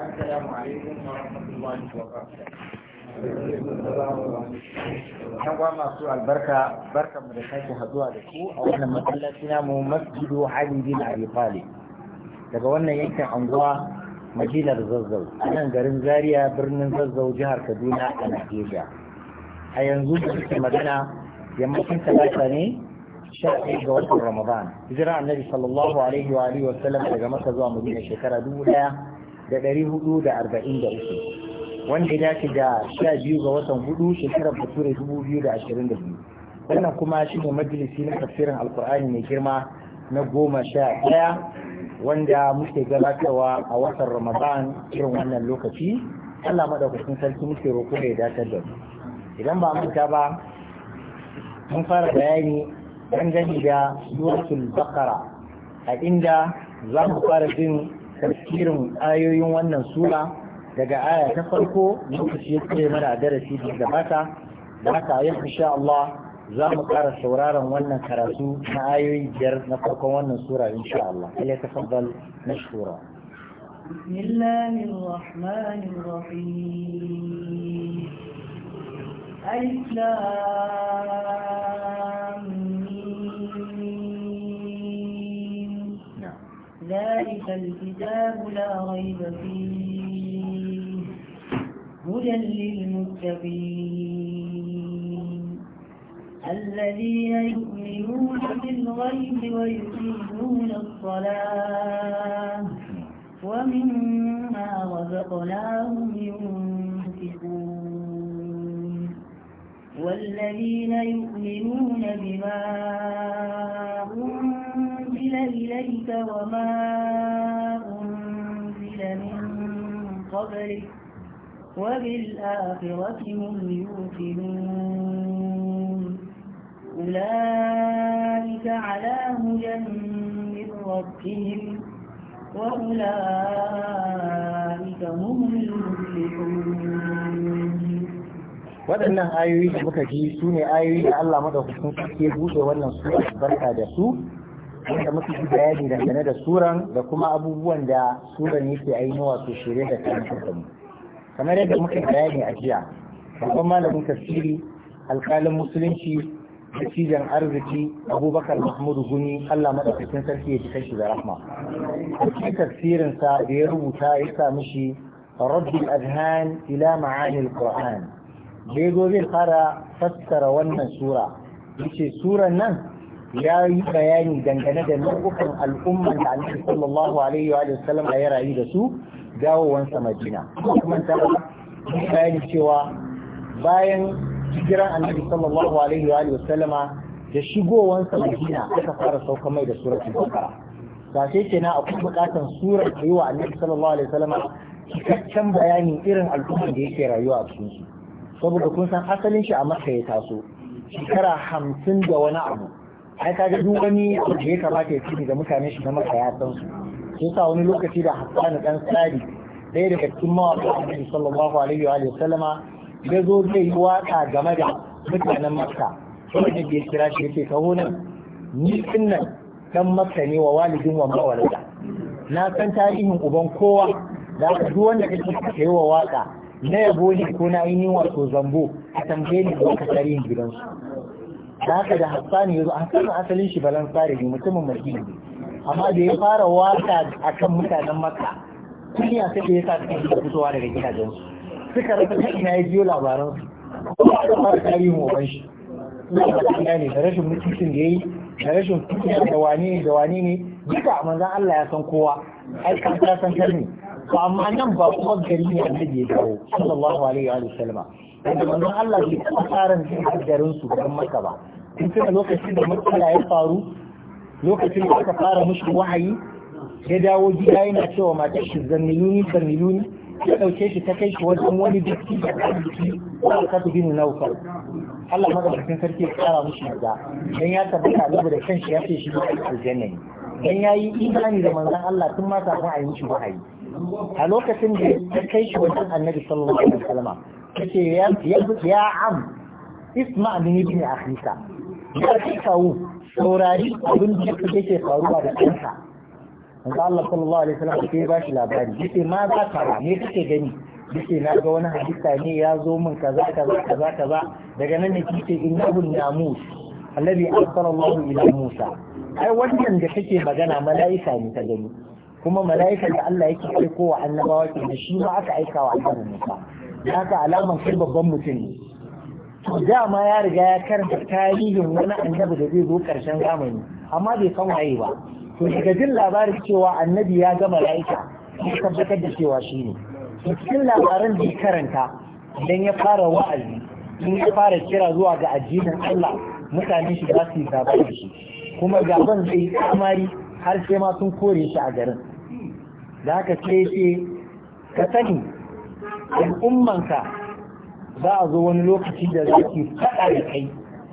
السلام عليكم ورحمة الله وبركاته. Yan masu albarka barkan mu da sake haduwa da ku a wannan masallaci namu masjidu Ali bin Abi Talib daga wannan yankin anguwa Madinar Zazzau a nan garin Zaria birnin Zazzau jihar Kaduna a Najeriya. A yanzu da suke magana yammacin talata ne shafi ga watan Ramadan. Hijira Annabi sallallahu alaihi wa alihi wa sallam daga Makka zuwa Madina shekara dubu ɗaya da ɗari hudu da arba'in da uku wanda ya dace da sha biyu ga watan hudu shekarar bature dubu biyu da ashirin da biyu wannan kuma shi ne majalisi na tafsirin alkur'ani mai girma na goma sha ɗaya wanda muke gabatarwa a watan ramadan irin wannan lokaci allah maɗaukakin sarki muke roƙo da ya dace da mu idan ba manta ba mun fara bayani dangane da suratul bakara a inda za mu fara jin tafsirin ayoyin wannan sura daga aya ta farko lokaci ya kure mana darasi da gabata da haka yau insha Allah za mu ƙara sauraron wannan karatu na ayoyi biyar na farkon wannan sura insha Allah ilai tafaddal mashkura بسم الله الرحمن الرحيم ألف لام ذلك الكتاب لا ريب فيه هدى للمتقين الذين يؤمنون بالغيب ويقيمون الصلاة ومما رزقناهم ينفقون والذين يؤمنون بما أنزل إليك وما أنزل من قبلك وبالآخرة هم يوقنون أولئك على هدى من ربهم وأولئك هم المفلحون waɗannan ayoyi da muka ji su ne ayoyi da Allah madaukakin sarki buɗe wannan sura barka da su wanda muka ji bayani dangane da suran da kuma abubuwan da suran yake ainihin wato shirya da karantar da mu kamar yadda muka bayani a jiya babban malamin tafsiri alƙalin musulunci dattijan arziki abubakar mahmudu guni allah maɗaukakin sarki ya ji kanshi da rahma cikin tafsirinsa da ya rubuta ya sa mishi rabbi adhan ila ma'anil qur'an da ya zo zai fara fassara wannan sura yace suran nan ya yi bayani dangane da nau'ukan al'umman da annabi sallallahu alaihi wa sallam ya rayu da su dawowansa Madina kuma ta bayani cewa bayan hijiran annabi sallallahu alaihi wa sallama da shigowansa Madina aka fara sauka mai da suratul Baqara ba sai na akwai bukatan surar da yi wa annabi sallallahu alaihi wa sallama cikakken bayanin irin al'umman da yake rayuwa a cikin su saboda kun san asalin shi a Makka ya taso shekara hamsin da wani abu ai kaga duk wani abu da ya kamata ya ci da mutane shi na maka ya san su sai sa wani lokaci da Hassan dan sari ɗaya daga cikin mawaƙa Annabi sallallahu alaihi wa sallama ya zo zai yi waka game da mutanen Makka wanda ya kira shi yake kawo nan ni nan dan Makka ne wa walidin wa mawalida na san tarihin uban kowa da duk wanda ka yi wa waka na yabo ne ko na yi wato zambo a tambaye ni da wata tarihin gidansu da haka da hassani ya zo hassanin asalin shi balan tsari mutumin madina amma da ya fara waka akan mutanen makka kunya sai da ya sa suka fitowa daga gidajensu suka rasa ta ina ya biyo labaransu kuma aka fara mu waban shi na da ne da rashin mutuncin da ya yi da rashin kunya da wane da wane ne duka manzan Allah ya san kowa ai kan ta san karni to amma nan ba kuma gari ne annabi da dawo sallallahu alaihi wa sallama da manzon Allah bai taɓa tsarin garin su garin Makka ba tun tuna lokacin da matsala ya faru lokacin da aka fara mushi wahayi ya dawo gida yana cewa matar shi zanniluni zanniluni ya dauke shi ta kai shi wajen wani dukki da arziki wa ka tu binu naufal Allah madaukakin sarki ya tsara mushi maza dan ya tabbata annabi da kanshi ya ce shi aljanna ne dan yayi imani da manzon Allah tun ma kafin a yi mushi wahayi a lokacin da ya kai shi wajen annabi sallallahu alaihi wasallam kace ya ya am isma min ibn akhika ya kai kawo saurari abin da yake faruwa da kanka manzo Allah sallallahu alaihi wasallam sai ba shi labari yace ma za ka ba me kake gani yace na ga wani hadisa ne ya zo min kaza kaza kaza kaza daga nan ne kike innahu namus alladhi arsala Allah ila Musa ai wannan da kake magana mala'ika ne ta gani kuma mala'ikan da Allah yake kai wa annabawa ke da shi ma aka aika wa annabi Musa haka alaman kai babban mutum ne to dama ya riga ya karanta tarihin wani annabi da zai zo karshen zamani amma bai san waye ba to daga jin labarin cewa annabi ya ga mala'ika ya tabbatar da cewa shi ne cikin labaran da ya karanta idan ya fara wa'azi in ya fara kira zuwa ga addinin Allah mutane shi za su yi da shi kuma gaban zai kamari har sai ma sun kore shi a garin da aka ce ce ka sani al'ummanka za a zo wani lokaci da zaki faɗa da kai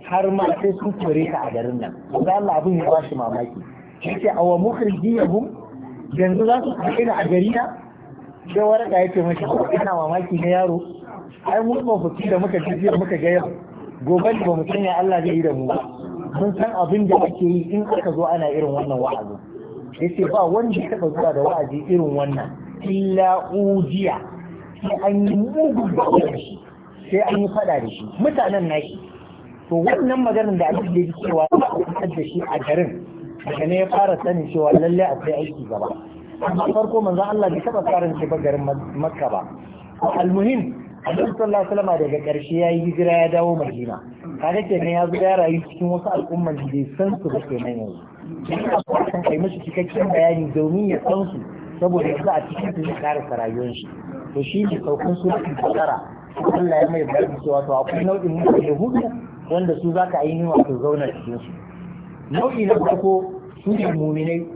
har ma sai sun kore ka a garin nan za Allah abin ya ba shi mamaki ce yake awa mukhrijiyahum yanzu za su ni a gari na sai waraka yake mashi ina mamaki na yaro ai mun mafuki da muka ji muka ga yau gobe ba mu sanya Allah zai yi da mu ba mun san abin da ake yi in aka zo ana irin wannan wa'azi Ya ce ba wanda ya taɓa zuwa da wa'azi irin wannan illa ujiya sai an yi mugun da shi sai an yi faɗa da shi mutanen nashi to wannan maganar da ake da cewa a da shi a garin daga ne ya fara sanin cewa lalle akwai aiki gaba amma farko manzo Allah bai taba karin shi ba garin Makka ba almuhim Annabi sallallahu alaihi wasallam daga karshe yayi hijira ya dawo Madina kaga kenan ya zo ya rayu cikin wasu al'umman da bai san su ba kenan yanzu yana bukatar kai mashi cikakken bayani domin ya san su saboda yanzu a cikin su zai karasa shi to shi ne saukun suratul bakara Allah ya mai bayani cewa to akwai nau'in da hudu wanda su zaka aini wato zauna cikin su nau'i na farko su ne muminai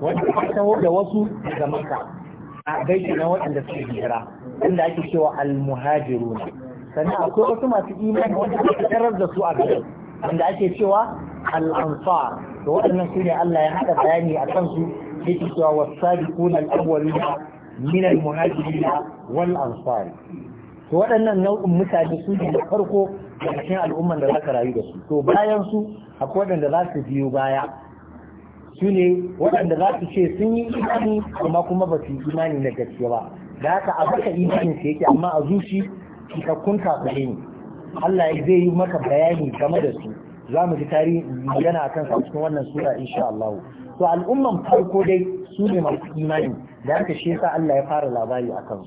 wanda aka taho da wasu daga maka. a gaishe na waɗanda suke hijira inda ake cewa almuhajiruna sannan akwai wasu masu imani wanda aka tarar da su a garin wanda ake cewa al da waɗannan su ne Allah ya haɗa bayani a kansu yake cewa wasabiquna al na min al na wal ansar to waɗannan nau'in mutane su ne da farko da cikin al'umman da ka rayu da su to bayan su akwai waɗanda za su biyo baya su ne waɗanda za su ce sun yi imani amma kuma ba su yi imani na gaske ba da haka a baka imanin su yake amma a zuci cikakkun kafirai ne Allah zai yi maka bayani game da su za mu ji tarihin magana akan sa cikin wannan sura insha Allah to al'umman farko dai su ne masu imani da aka shi yasa Allah ya fara labari akan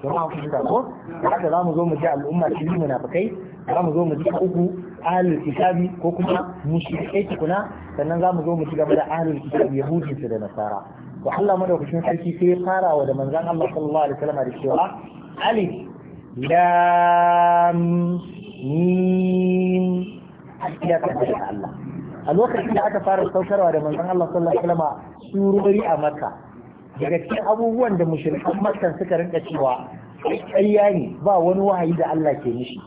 su kuma ku ta ko haka za mu zo mu ji al'umma shi munafikai za mu zo mu ji uku ahlul kitabi ko kuma mushrikai tukuna sannan za mu zo mu ci gaba da ahlul kitabi yahudi su da nasara to Allah madaukakin sarki sai ya fara wa da manzon Allah sallallahu alaihi wasallam da cewa Ali. lam mim ya tafi da Allah a lokacin da aka fara saukarwa da manzon Allah sallallahu alaihi wasallam surori a Makka daga cikin abubuwan da mushrikan Makka suka rinka cewa ƙarya ne ba wani wahayi da Allah ke mishi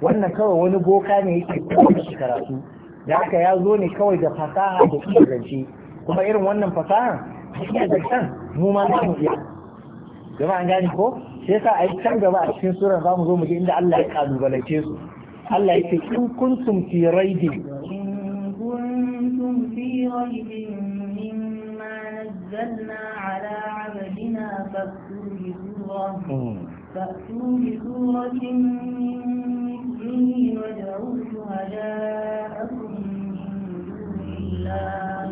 wannan kawai wani boka ne yake kuma da karatu da haka ya zo ne kawai da fasaha da zance kuma irin wannan fasahan da zancen mu ma za mu iya jama'a an gane ko sai yasa a yi can gaba a cikin suran za mu zo mu je inda Allah ya kalubalance su Allah yake in kuntum fi raibin in kuntum fi raibin mimma nazzalna ala abdina fa'tu bi فأتوا بسورة من مثله وادعوا شهداءكم من دون الله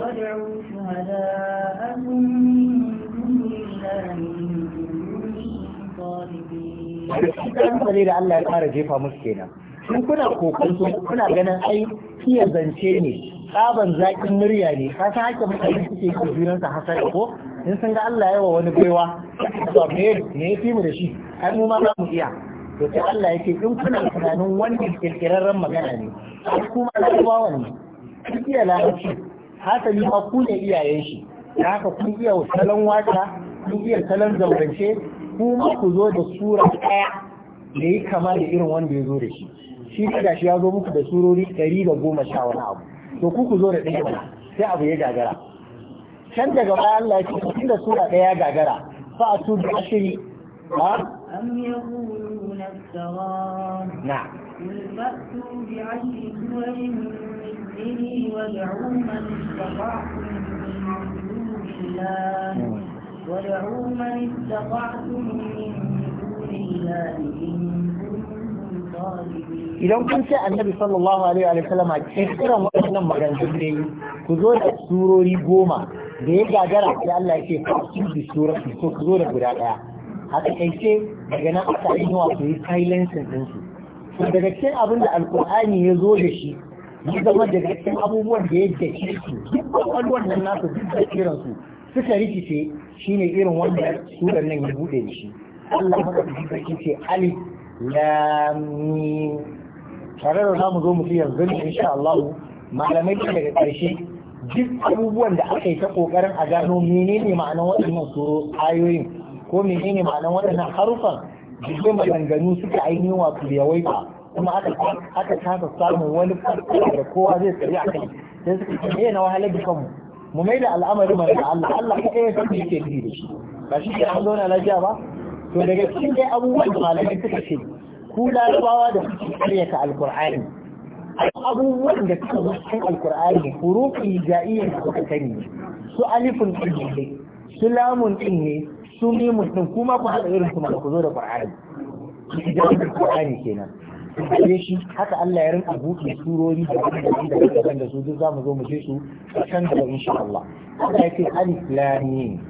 وادعوا شهداءكم من دون الله kalmale da Allah ya fara jefa musu kenan in kuna kokonto kuna ganin ai kiyar zance ne tsaban zakin murya ne ka san haka mutane suke yi junan sa hasar ko in sun ga Allah yawa wani baiwa to me ne yafi mu da shi ai mu ma za mu iya to sai Allah yake in kuna tunanin wani kirkirarren magana ne kuma larabawan ne kun iya larabci hasali ma ku ne iyayen shi da haka kun iya salon wata? kun iya salon zaurance kuma ku zo da sura ɗaya da yi kama da irin wanda ya zo da shi shi da shi ya zo muku da surori ɗari da goma sha wani abu to ku ku zo da ɗaya mana sai abu ya gagara can daga baya Allah ya ce tun da sura ɗaya gagara fa a tu bi ashiri ha am yaquluna sawa na fa'tu bi ashri suwarin mithlihi wa da'u man ودعوا من استطعتم من دون الله إن idan kun ce annabi sallallahu alaihi wa sallam a kiran waɗannan maganganun ne ku zo da surori goma da ya gagara sai Allah ya ce fasu da surori ko ku zo da guda ɗaya a takaice daga nan aka yi wa ku yi silencing din su daga cikin abin da alkur'ani ya zo da shi ya zama daga cikin abubuwan da ya dace su duk wannan nasu duk da kiran su suka rikice Shi ne irin wanda surar nan ya bude da shi Allah madaukakin sarki ce alif lam mim tare da zamu zo mu ci yanzu insha Allah malamai daga ƙarshe duk abubuwan da aka yi ta kokarin a gano menene ma'anar waɗannan suro ayoyin ko menene ma'anar waɗannan harufan jirgin maganganu suke ainihin wato da yawaita kuma aka kasa samun wani farko da kowa zai tsari a kai sai suka ce na wahalar da kanmu mu mai da al'amari mai da Allah Allah ka kai san yake yi da shi ba shi ke an zauna lafiya ba to daga cikin dai abubuwan da malamai suka ce ku larabawa da suke karyata alqur'ani abubuwan da suka zo cikin alqur'ani hurufin ja'iyyar da suka sani su alifun din ne su lamun din ne su mimun din kuma ku haɗa irin su ku zo da qur'ani idan qur'ani kenan ke shi haka Allah ya rinka buɗe surori da wanda shi da daban da su duk mu zo mu je su kan da shi Allah Allah ce alif lam mim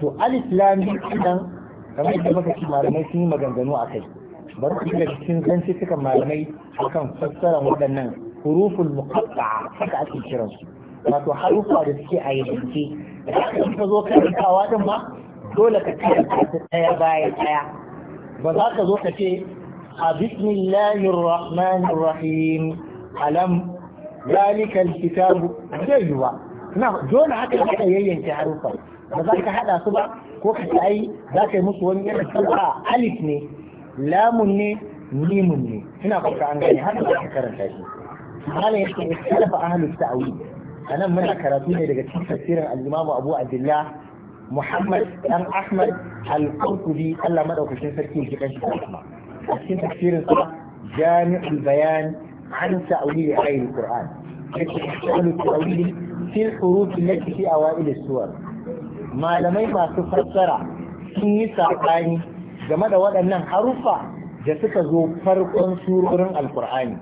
to alif lam mim dan kamar yadda muka ci malamai sun yi maganganu akai bari ku ga cikin zantukan malamai akan fassara waɗannan huruful muqatta'a haka ake kiransu wato harufa da suke a yanke da ka zo karantawa din ma dole ka karanta ta ɗaya bayan ɗaya ba za ka zo ka ce بسم الله الرحمن الرحيم ألم ذلك الكتاب جيوا نعم دون هكذا كده يين تعرفه بذلك هذا سبع وقت أي ذاك المسوى يتسبع ألف ني لام ني ميم ني هنا قلت عن غني هذا ذاك كرن شاشي هذا اختلف أهل التأويل أنا من كراتوني لقد تفسير الإمام أبو عبد الله محمد أم أحمد القرطبي ألا مدعو في شنفر كيف a cikin tafsirin sa jami'ul bayan an ta'wili ayatul qur'an yake ta'wili fi huruf allati fi awail suwar malamai masu fassara sun yi saɓani game da waɗannan haruffa da suka zo farkon surorin alkur'ani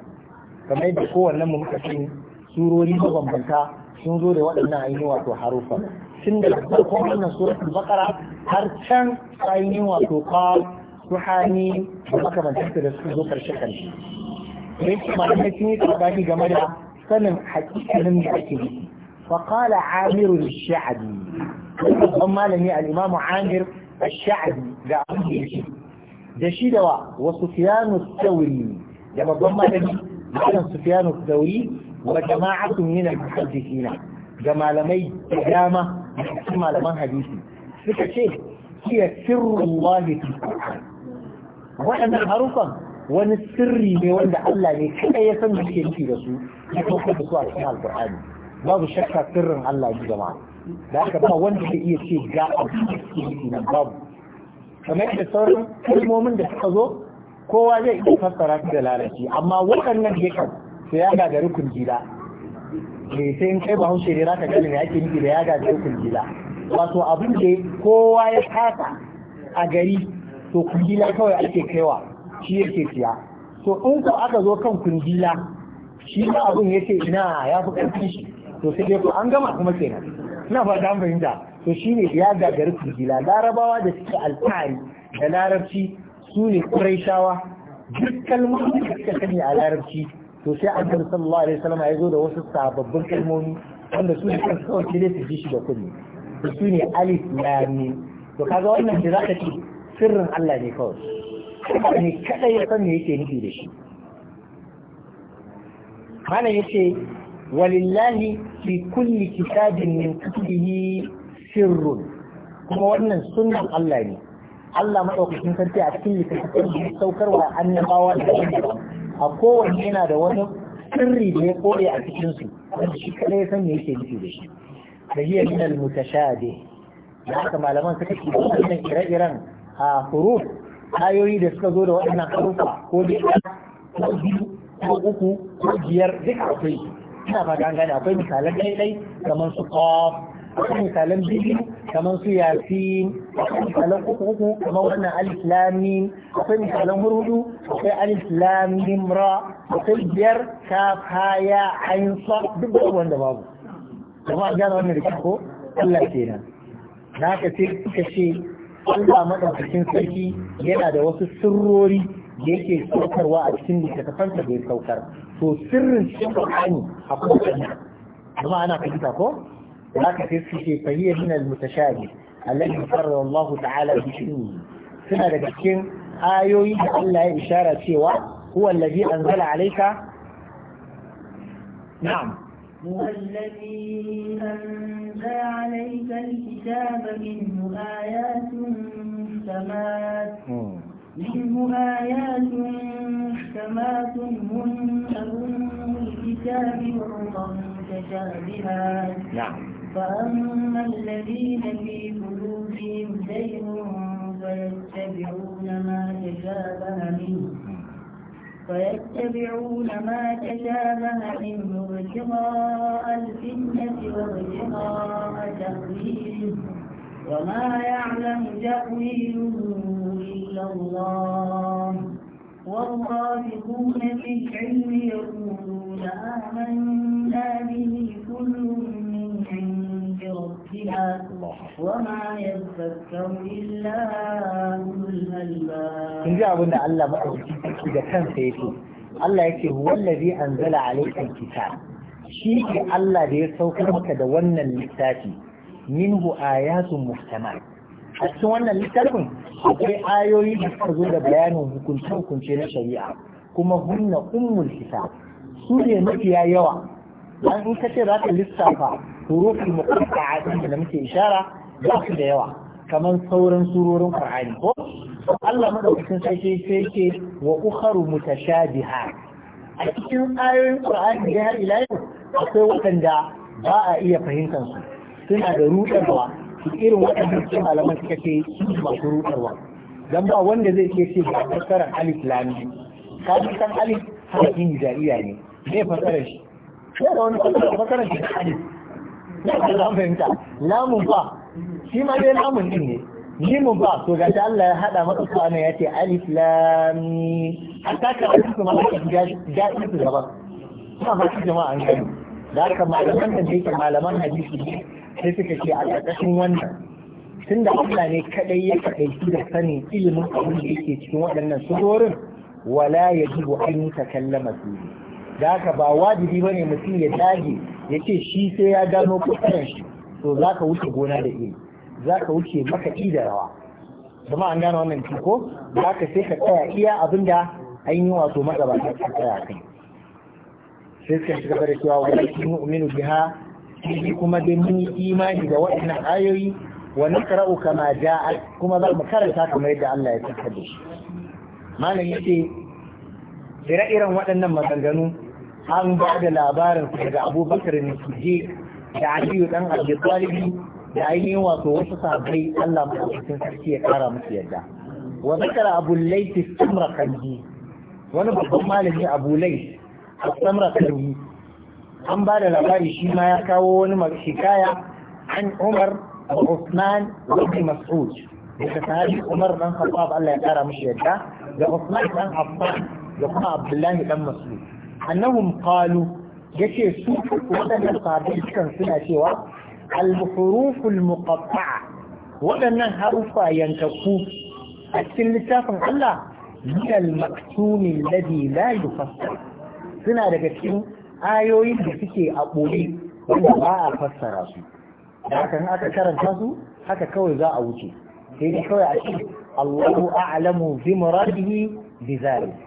kamar yadda kowannen mu muka sani surori mabambanta sun zo da waɗannan ainihin wato haruffa tun da farkon wannan suratul baqara har can ainihin wato qaf ruhani da makamantarsa da suka zo karshe karshe don ki ma ɗan ne ta ba ki game da sanin hakikalin da ake yi fa qala amir al-sha'bi amma malami al-imam amir al da abin da da wa wa sufyan da babban malami malam sufyan al-thawri wa jama'atun min al-muhaddithina ga malamai da dama malaman hadisi suka ce هي سر الله في القرآن waɗannan harukan wani sirri ne wanda Allah ne kada ya san da ke nufi da su ya kuma da su a cikin alƙur'ani babu shakka sirrin Allah ya jama'a da haka ba wanda ke iya ce ga abu da ke babu kamar da sauran kalmomin da suka zo kowa zai iya fassara su da lalaci amma waɗannan kan su ya ga rukun jila me eh, sai in kai bahaushe ne za ka gani ne ake nufi da ya ga rukun jila wato abin da kowa ya kasa a gari to kundila kawai ake kaiwa shi yake siya to in ko aka zo kan kundila shi ma abin yake ina ya fi karfi shi to sai dai ko an gama kuma kenan ina fata an fahimta to shi ne ya gagari kundila larabawa da suke alfahari da larabci su ne ƙuraishawa duk kalmomi da suka sani a larabci to sai annabi sallallahu alaihi wasallam ya zo da wasu sababbin kalmomi wanda su ne kan kawai sai su ji shi da kunni to su ne alif lam to kaga wannan da zaka ce sirrin Allah ne kawai ne kadai ya san me yake nufi da shi mana yace walillahi fi kulli kitabin min kutubihi sirrun kuma wannan sunnan Allah ne Allah madaukakin sarki a cikin littattafan da saukarwa annabawa da a kowanne yana da wani sirri da ya kore a cikin su wanda shi kadai ya san me yake nufi da shi da hiya min al-mutashabih da haka malaman suka ce wannan ire-iren a huruf ayoyi da suka zo da waɗannan harufa ko da ko biyu ko uku ko biyar duk akwai ina ba an akwai misalan ɗaiɗai kamar su ƙaf akwai misalan biyu kamar su yasin akwai misalan uku uku kamar wannan alislamin akwai misalan hurhudu akwai alislamin ra akwai biyar kaf ha ya ain sa duk wanda babu kuma a gyara wannan da ko Allah kenan na ka ce ka ce Allah madaukakin sarki yana da wasu sirrori da yake saukarwa a cikin littattafansa da ya saukar to sirrin cikin Qur'ani a kowace kuma ana fahimta ko za ka sai su ce fahiyya min al-mutashabi alladhi farra Allah ta'ala bi ilmi suna daga cikin ayoyi da Allah ya ishara cewa huwa allazi anzala alayka na'am هو الذي أنزل عليك الكتاب منه آيات محكمات منه آيات محكمات هن الكتاب وأخر متشابهات نعم فأما الذين في قلوبهم زيغ فيتبعون ما تشابه منه ويتبعون ما تشابه منه ابتغاء الفتنة وابتغاء تأويله وما يعلم تأويله إلا الله والرافقون في العلم يقولون آمنا به كل من عند ربنا وما يذكر إلا أولو الألباب. aiki da kansa yake Allah yake wallazi anzala alaikal kitab shi Allah da ya saukar maka da wannan littafi minhu ayatun muhtamal a cikin wannan littafin akwai ayoyi da suka zo da bayanin hukuncin hukunce na shari'a kuma hunna ummul kitab su ne mafiya yawa dan in ka ce za ka lissafa hurufin muqatta'atin da muke ishara ba su da yawa kamar sauran surorin Qur'ani ko Allah madaukakin sarki sai yake wa ukharu mutashabiha a cikin ayoyin Qur'ani da har ila yau akwai waɗanda ba a iya fahimtar su suna da rudarwa su irin waɗanda su malaman suka ce masu rudarwa dan ba wanda zai iya ce ba fassarar alif lam ka ji san alif harafin jariya ne me fassarar shi sai da wani fassarar shi alif na ka fahimta lamun fa shi ma dai lamun din ne limu ba to gashi Allah ya hada maka kwana ya ce alif lam an ta ka wasu kuma aka ga su gaba ba ba jama'a an gani da haka malaman da yake malaman hadisi ne sai suka ce a ƙarƙashin wannan tunda Allah ne kadai ya kadaici da sanin ilimin abin da yake cikin waɗannan surorin wala yajibu an takallama su da haka ba wajibi bane mutum ya dage ya ce shi sai ya gano kusurin shi to za ka wuce gona da ilimi za ka wuce maka da rawa zama an gano wannan ko za ka sai ka tsaya iya abin da an yi wato magabata ka tsaya kai sai suka shiga da cewa wani shi mu'minu biha shi kuma dai mun yi imani da waɗannan ayoyi wa nakra'u kama ja'a kuma za mu karanta kamar yadda Allah ya tsaka da shi malam yace ire waɗannan maganganu an ba da labarin daga Abu Bakar ne da Aliyu dan Abi Talib da ainihin wato wasu sahabbai Allah cikin sarki ya kara musu yadda wa zakara abu laiti samra kanji wani babban malami abu lai a samra kanji an ba da labari shi ma ya kawo wani shikaya an umar da usman da mas'ud daga sahabi umar dan khattab Allah ya kara musu yadda da usman dan affan da kuma abdullahi dan mas'ud annahum qalu yace su wadannan sahabbai kan suna cewa al-huruful muqatta'a waɗannan harufa yankaku a cikin littafin Allah min al-maktumi alladhi la yufassar suna daga cikin ayoyin da suke a ɓoye wanda ba a fassara su da haka in aka karanta su haka kawai za a wuce sai dai kawai a cikin Allahu a'lamu bi muradihi bi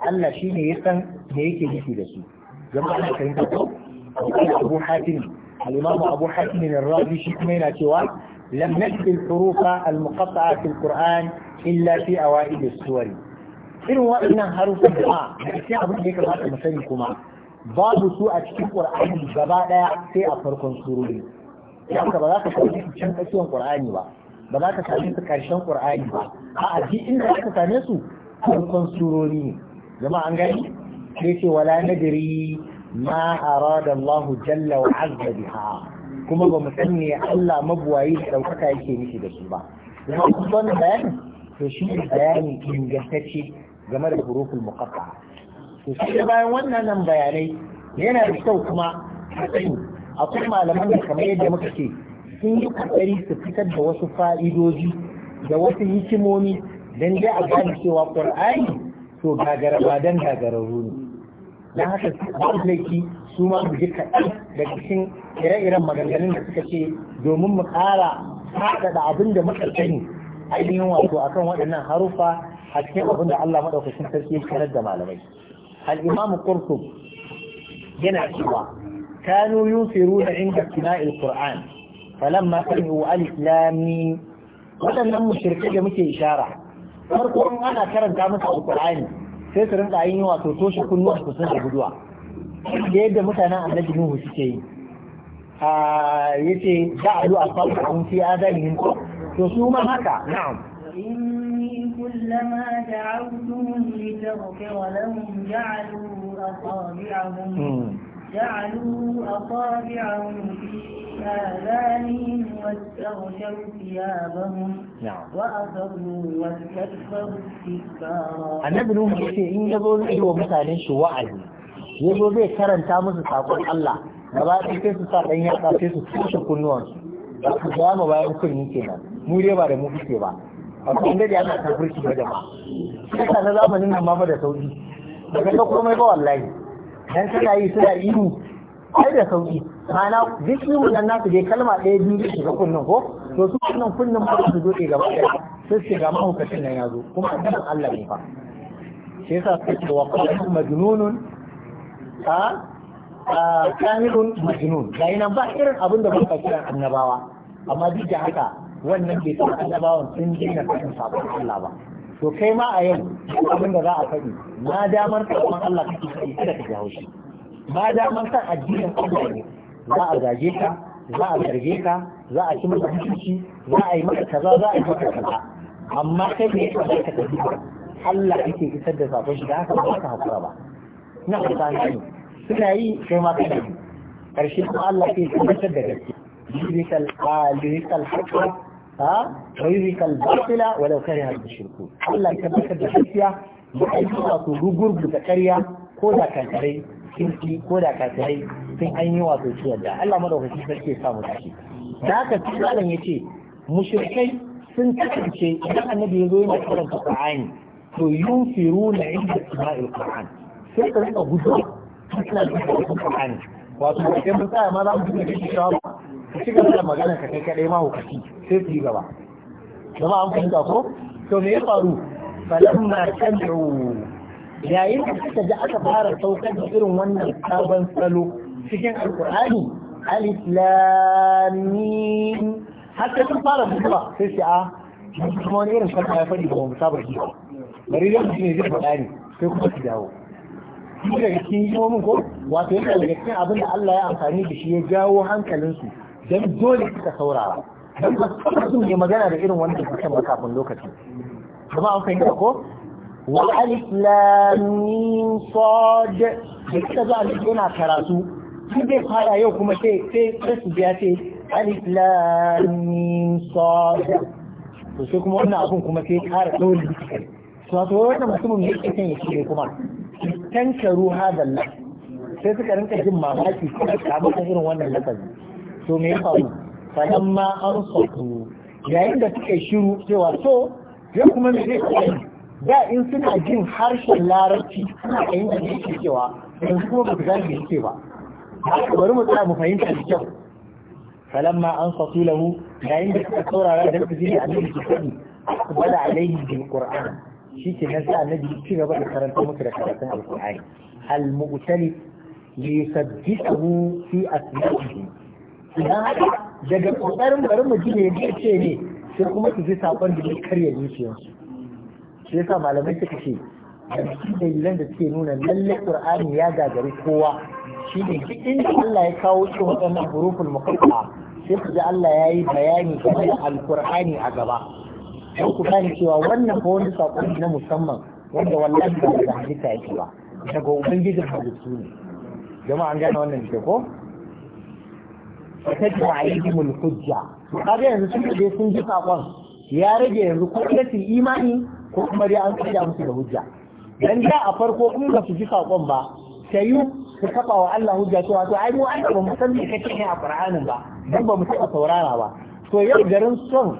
Allah shine ya san me yake nufi da su jama'a Abu Hatim الإمام أبو حاتم الرازي شكمين أتوال لم نكتب الحروف المقطعة في القرآن إلا في أوائل السور إن وإن حروف الدعاء لكي أبو حاتم الرازي مثلا كما babu su a cikin Qur'ani gaba ɗaya sai a farkon surori ya ba za ka sami su can kasuwan Qur'ani ba ba za ka sami su karshen Qur'ani ba a duk same su farkon an gani sai wala ma arada jalla wa azza biha kuma ba mu san me Allah mabuwayi da daukaka yake miki da su ba kuma kusan bayanin to shi bayani ingantacce game da huruful muqatta to sai bayan wannan nan bayanai yana da kyau kuma akwai malaman da kamar yadda muka ce sun yi kokari su fitar da wasu fa'idoji da wasu hikimomi don dai a gane cewa qur'ani to gagara ba dan gagararru ne don haka babu laifi su ma su ji kaɗan daga cikin ire-iren maganganun da suka ce domin mu ƙara faɗaɗa abin da muka sani ainihin wato a kan waɗannan harufa a cikin abin da Allah maɗaukacin sarki ya kanar da malamai. Al-Imam Qurtub yana cewa kanu yusiruna inda sina'il Qur'an falamma sami'u al-islami waɗannan mushrikai da muke ishara farko ana karanta musu al-Qur'ani sai su rinka yin wato toshe kunnuwa a sun da guduwa da yadda mutanen annabi nuhu suke yi a yace da'alu asfalu an fi adanihim to su ma haka na'am وإني كلما دعوتهم لتغفر لهم جعلوا جعلوا أصابعهم في آذانهم واستغشوا ثيابهم وأصروا واستكبروا استكبارا النبي نوح يقول إن يقول أيوة مثلا شو yazo zai karanta musu sakon Allah الله gaba su sai su sa ɗan yaɗa sai su tushe kunnuwansu ba su ga ma bayan kunni kenan mu dai ba da mu kuke ba a kun dai ana kafirci ba jama'a sai ka na zamanin nan ma ba da sauki daga ga komai ba wallahi dan suna yi suna ihu ai da sauki mana duk mu dan nasu dai kalma ɗaya biyu da shiga kunnen ko to su kunnen kunnen ba su doke gaba ɗaya sai su ga mahaukacin nan ya zo kuma addinin Allah ne fa shi yasa suka ce wa qawlun majnunun a kamilun majnun ga ina ba irin abin da ba kiran annabawa amma duk da haka wannan bai san annabawan sun daina sanin sabon Allah ba to kai ma a yau abin da za a faɗi ma damar karɓar Allah kake faɗi kada ka jawo shi ma damar san addinin Allah ne za a gaje ka za a zarge ka za a ci maka mutunci za a yi maka kaza za a yi maka kaza amma kai ne ka ka tafi Allah yake isar da safon shi da haka ba ka hakura ba ina ka ne, suna yi kai ma kana yi karshe kuma Allah yake isar da gaske yurikal qalikal hakka ها ويذيك الباطل ولو كره المشركون الله يتبكر بحسيا يحيطها تغرغر بتكريا كودا كاتري kinki ko da kafirai sun an yi wato ciyar da Allah madaukakin sarki ya samu dashi da haka tsalan yace mushrikai sun kasance idan annabi ya zo yana karanta Qur'ani to yunfiruna inda isma'il Qur'an sai ka rika gudu da Qur'ani wato idan mun tsaya ma za mu dinga kishi shawa ka ci gaba da magana ka kai kaɗai ma hukaci sai su yi gaba Zama an fahimta ko to me ya faru falamma tabi'u yayin da suka ji aka fara saukar da irin wannan sabon salo cikin alkur'ani alif lam mim haka sun fara zuwa, sai su a ah, kuma wani irin kalma ya faɗi ba mu saba ji ba bari da mutum ne zai faɗa ne sai kuma su dawo shi daga cikin hikimomin ko wato yana daga cikin abin da Allah ya amfani da shi ya jawo hankalinsu don dole suka saurara don ba su ne magana da irin wanda suka maka kafin lokaci kuma an fahimta ko wa alif lam mim sad da kika ga alif yana karatu shi zai fara yau kuma sai sai su biya sai alif lam mim sad to sai kuma wannan abun kuma sai kara dole to wato wannan mutumin ne yake son ya shige kuma tankaru hadal la sai suka rinka jin mamaki ko ka maka irin wannan lafazi to me ya faru ma an sauku yayin da suka shiru cewa so ya kuma me zai faru da in suna jin harshen larabci suna fahimta da yake cewa yanzu kuma ba su gane da yake ba bari mu tsaya mu fahimta da kyau ma an sauku lahu yayin da suka saurara da su ji annabi ke faɗi akbala alaihi bil qur'an shi ke nan sai annabi ci gaba da karanta musu da karatun alƙur'ani al-mu'tali li yusaddiquhu fi asma'ihi idan haka daga kokarin bari mu ji ne ce ne sai kuma su ji sakon da ya karya zuciyarsu shi yasa malamai suka ce da shi dalilan da suke nuna lalle qur'ani ya gagari kowa shi ne duk inda Allah ya kawo shi waɗannan huruful muqatta sai ku ji Allah ya yi bayani game da alqur'ani a gaba sai ku gane cewa wannan ko wani sako na musamman wanda wallahi ba daga halitta yake ba daga ubangijin halittu ne jama'a an gane wannan da ko fatajma ayyuhum hujja kaga yanzu sun je sun ji sakon ya rage yanzu ko rashin imani ko kuma dai an tsaya musu da hujja dan da a farko in ba su ji sakon ba sai su kafa wa Allah hujja cewa to ai mu an ba mu san me kake ne a Qur'anin ba dan ba mu taɓa saurara ba to yau garin son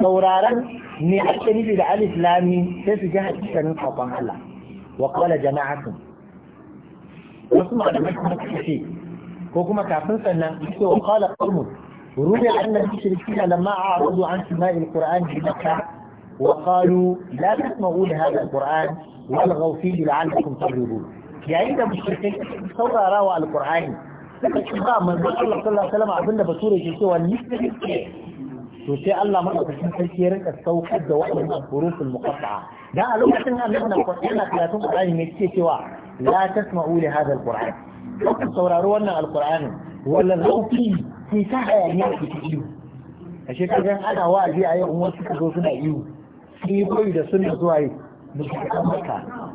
sauraron ne ake nufi da alif lami sai su ji hakikanin sakon Allah wa qala jama'atun wasu malamai kuma suka ce ko kuma kafin sannan ce wa qala qawmun rubi annal mushrikina lamma a'radu an sama'il qur'an bi makkah wa qalu la tasma'u li hadha al-qur'an wal ghawfi la'allakum taghlibun yayin da mushrikai saurara wa al-qur'ani suka ce ba manzo Allah sallallahu alaihi wasallam abinda bature ke cewa ni to sai Allah madaukakin sarki ya rinka saukar da waɗannan hurufin muqatta'a dan a lokacin annabi na yana karatun Qur'ani ne yake cewa la tasma'u li hadha al-Qur'an ku sauraro wannan al-Qur'ani wala lauki sai ta hayaniya ki ciwo a shekarun ana wa'azi a yau wasu suka zo suna iyo yi koyi da sunna zuwa yi mutum maka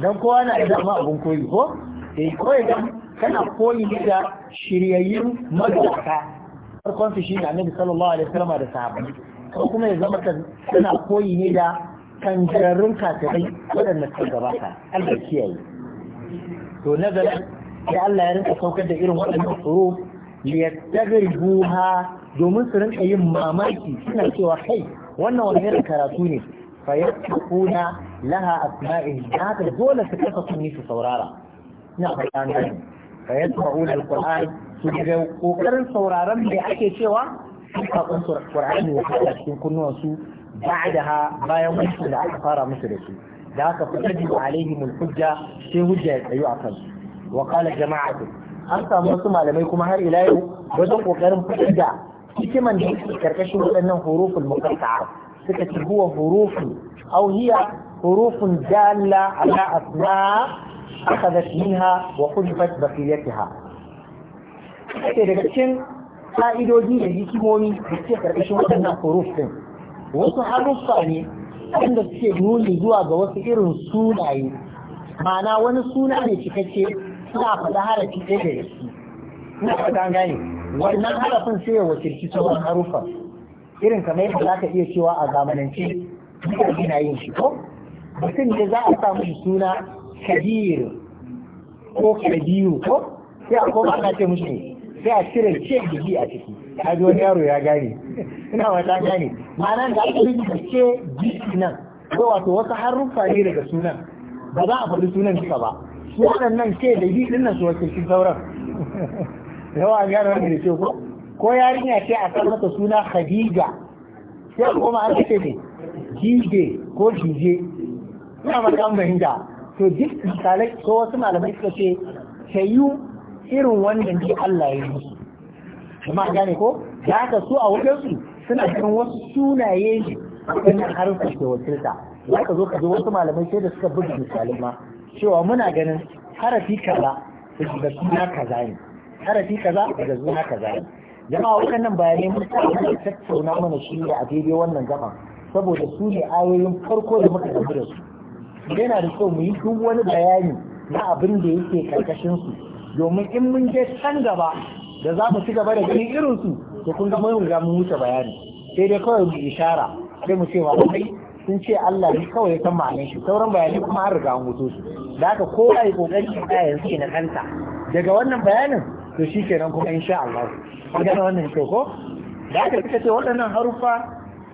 dan kowa na da ma abun koyi ko eh koyi dan kana koyi da shiryayyen magabata farkon su shi ne annabi sallallahu alaihi wasallam da sahaba. ko kuma ya zama suna koyi ne da kangararrun kafirai waɗanda suka gabata Allah kiyaye to nazarin sai Allah ya rinka saukar da irin waɗannan tsoro liyastaghribuha domin su rinka yin mamaki suna cewa kai wannan wani irin karatu ne fayyakuna laha asma'ihi da haka dole su kasa kunni su saurara ina faɗa nan fayyakuna alquran to daga kokarin sauraron da ake cewa sun kakon qur'ani ya fada cikin kunnuwansu ha bayan wasu da aka fara musu da su da haka alaihi alaihim hujja sai hujja ya tsayu a kansu wa qala jama'atu an samu wasu malamai kuma har ila yau wajen kokarin fitar da hikiman da yake karkashin waɗannan huruful muqatta'a suka ce huwa hurufun aw hiya hurufun dalla ala asma' أخذت منها وحذفت بقيتها yake daga cikin fa'idoji da hikimomi da ke karkashin waɗannan huruf ɗin wasu haruffa ne inda suke nuni zuwa ga wasu irin sunaye ma'ana wani suna ne cikakke suna faɗa harafi ɗaya da shi ina faɗa gane wannan harafin sai ya wakilci sauran haruffa irin kamar yadda za ka iya cewa a zamanance duka gina yin shi ko mutum ne za a sa mishi suna kabir ko kabiru ko sai a koma ana ce mishi sai a cire ce jiki a ciki a wani yaro ya gane ina wata gane ma'anar da aka rubuta ce jiki nan ko wato wasu haruffa ne daga sunan ba za a faɗi sunan suka ba Sunan nan ce da jiki din nan su wace shi sauran yawa gane wani da ce ko ko yarinya ce a kan mata suna khadija sai kuma an ce ne jige ko jije ina maka an fahimta to duk misalai ko wasu malamai suka ce ta irin wanda ne Allah ya yi kuma gane ko da ka su a wajen su suna cikin wasu sunaye in wannan harfa ke wakilta za ka zo ka zo wasu malamai sai da suka buga misalin ma cewa muna ganin harafi kaza da suna kaza ne harafi kaza da suna kaza ne jama'a nan bayanai mun sa tattauna mana shi da a daidai wannan gaba saboda su ne ayoyin farko da muka tafi da su yana da kyau mu yi duk wani bayani na abin da yake karkashin su domin in mun je can gaba da za mu ci gaba da ganin irinsu to kun ga mun ga mun wuce bayani sai dai kawai mu ishara sai mu ce wa kai sun ce Allah ne kawai ya san ma'anar shi sauran bayani kuma an riga an wuto su da haka ko ai kokari ki ya yanzu na kanta daga wannan bayanin to shi kuma insha Allah kun gane wannan ce ko da haka kika ce waɗannan haruffa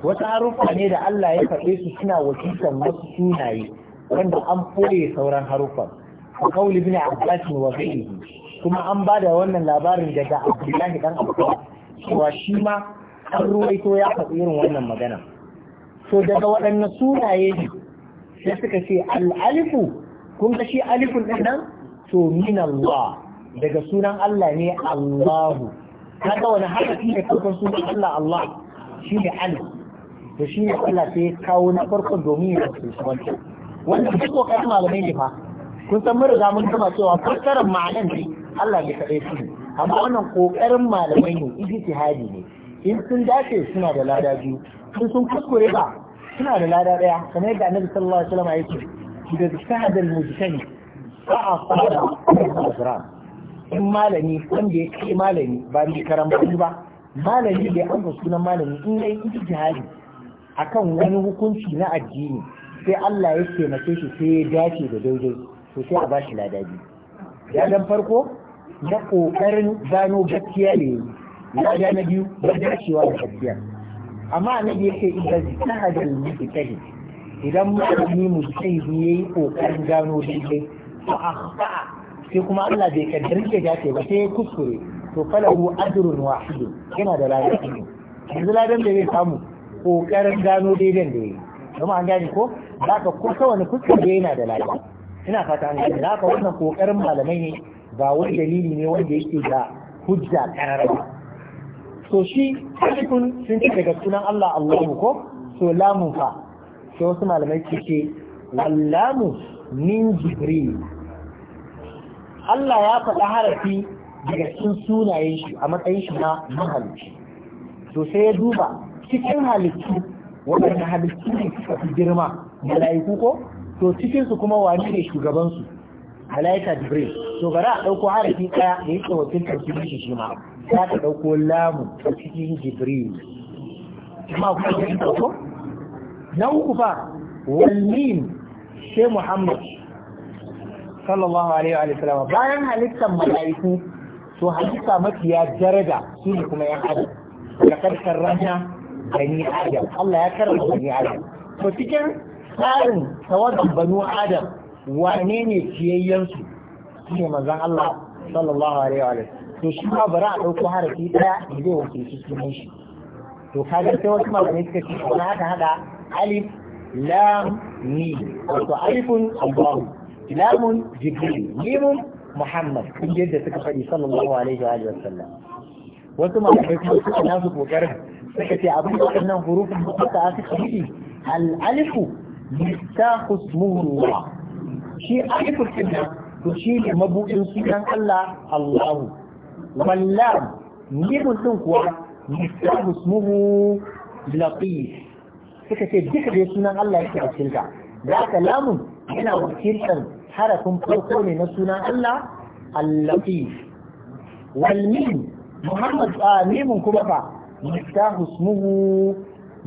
wata haruffa ne da Allah ya faɗe su suna wakiltar wasu sunaye wanda an fure sauran harufan وقول ابن عباس وغيره كما أن بعد وأن الأبار Abdullahi عبد الله بن عباس وشيما ya faɗi irin wannan magana. so daga waɗanne sunaye ne sai suka ce al'alifu kun ga shi alifun ɗin nan to min Allah daga sunan Allah ne Allahu kaga wani harafi ne farkon sunan Allah Allah shi ne alif to shi ne Allah sai ya kawo na farkon domin ya kasance wancan wannan duk kokarin malamai ne fa kun san mun riga mun gama cewa fassarar ma'anan ne Allah ne kaɗai ne amma wannan ƙoƙarin malamai ne ijtihadi ne in sun dace suna da lada biyu sun sun kuskure ba suna da lada ɗaya kamar yadda annabi sallallahu alaihi wasallam yake da sahadal mujtani ba a fara azram in malami wanda ya kai malami ba ni karambani ba malami bai amsa sunan malami in yayi ijtihadi akan wani hukunci na addini sai Allah ya mace shi sai ya dace da daidai to sai a ba shi ladabi ya dan farko na ƙoƙarin gano gaskiya ne lada na biyu ba dacewa da gaskiya amma annabi yake idan zahadar kai idan malami mujtahid yi ƙoƙarin gano daidai a akhta'a sai kuma Allah bai kaddar ke dace ba sai kuskure to falahu ajrun wahid yana da ladabi yanzu ladan da zai samu ƙoƙarin gano daidan da yi kuma an gane ko zaka ko wani kuskure yana da ladabi ina fata ne gani ka wannan kokarin malamai ne ba wani dalili ne wanda yake da hujja karara ba so shi alifun sun ce daga sunan Allah Allahu ko so lamun fa so wasu malamai ce wallamu min jibril Allah ya faɗa harafi daga cikin sunayen shi a matsayin shi na mahalicci to sai ya duba cikin halittu waɗanda halittu ne suka fi girma mala'iku ko to cikinsu su kuma wani ne shugabansu su malaika jibril to bara a dauko harafi ɗaya da yake wakiltar cikin shi shi ma za ka ɗauko lamu a cikin jibril kuma ku ji dauko na uku fa wal sai muhammad sallallahu alaihi wa sallam bayan halittar malaiku to halitta mafiya daraja su ne kuma yan adam da karkar rana gani adam Allah ya karanta gani adam to cikin tsarin tawadan banu adam wane ne ciyayyansu shi ne manzon Allah sallallahu alaihi wa sallam to shi ma bari a ɗauko harafi ɗaya da zai wakilci sunan shi to kaga sai wasu malamai suka ce wani haka haɗa alif lam ni wato alifun Allahu lamun jibril limun muhammad kun yadda suka faɗi sallallahu alaihi wa sallam wasu malamai kuma suka nasu kokarin suka ce abin da wannan hurufin da suka aka alifu miftahu ismuhu shi alifin din nan to shi ne mabuɗin sunan Allah Allahu wallam nibin din kuwa miftahu ismuhu laqif suka ce duka dai sunan Allah yake a cikin ka da aka lamun yana wakiltar harafin farko ne na sunan Allah al-laqif wal mim Muhammad a ah, mimun kuma fa miftahu ismuhu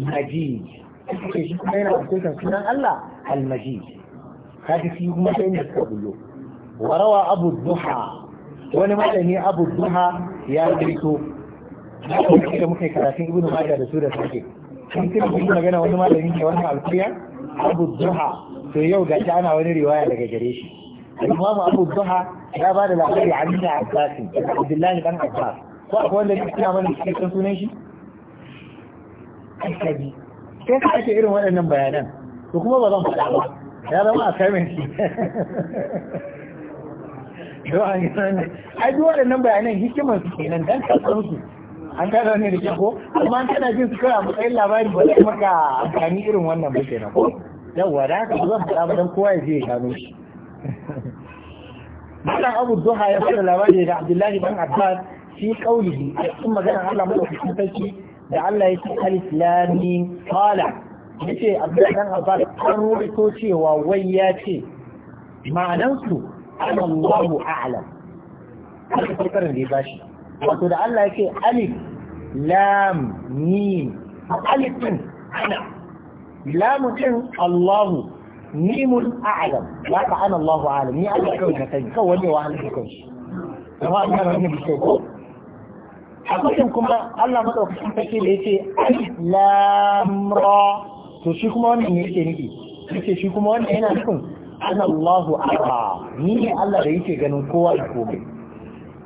majid suke shi kuma yana hukuntar sunan Allah al-majid kaji fi kuma sai da suka bullo warawa abu duha wani malami abu duha ya rito na ɗauki da muka yi karatun ibnu majah da su da sake sun kira su magana wani malami ne wannan alfiya abu duha to yau ga ana wani riwaya daga gare shi al-imam abu duha ya ba da labari an ta abbas abdullahi dan abbas ko akwai wanda ya kira mana cikin sunan shi kaji sai ka ake irin waɗannan bayanan to kuma ba zan faɗa ba ya zama a kamin shi ai duk waɗannan bayanan hikimar su kenan dan kasar su an kada wani da ke ko amma an kana jin su kawai a matsayin labari ba zai maka amfani irin wannan ba kenan ko yawwa da haka zan faɗa ba dan kowa ya je ya gano shi Malam Abu Duha ya fara labari da Abdullahi dan Abbas fi kaulihi a cikin maganar Allah madaukakin sarki da Allah ya ce alif lam mim qala yace Abdullahi dan Abbas an rubuto cewa wai ya ce ma'anansu Allahu a'lam haka farkarin da ya bashi wato da Allah ya ce alif lam mim alif din ana lamu din Allahu mimun a'lam Ya ka ana a'lam ni Allah kawai ka sani kawai ne wa hannu kawai kuma an kana wani bisai ko a cikin kuma Allah madaukakin sarki da yace lamra to shi kuma wannan ne yake nufi yace shi kuma wannan yana nufin ana Allahu ara ni ne Allah da yake ganin kowa da komai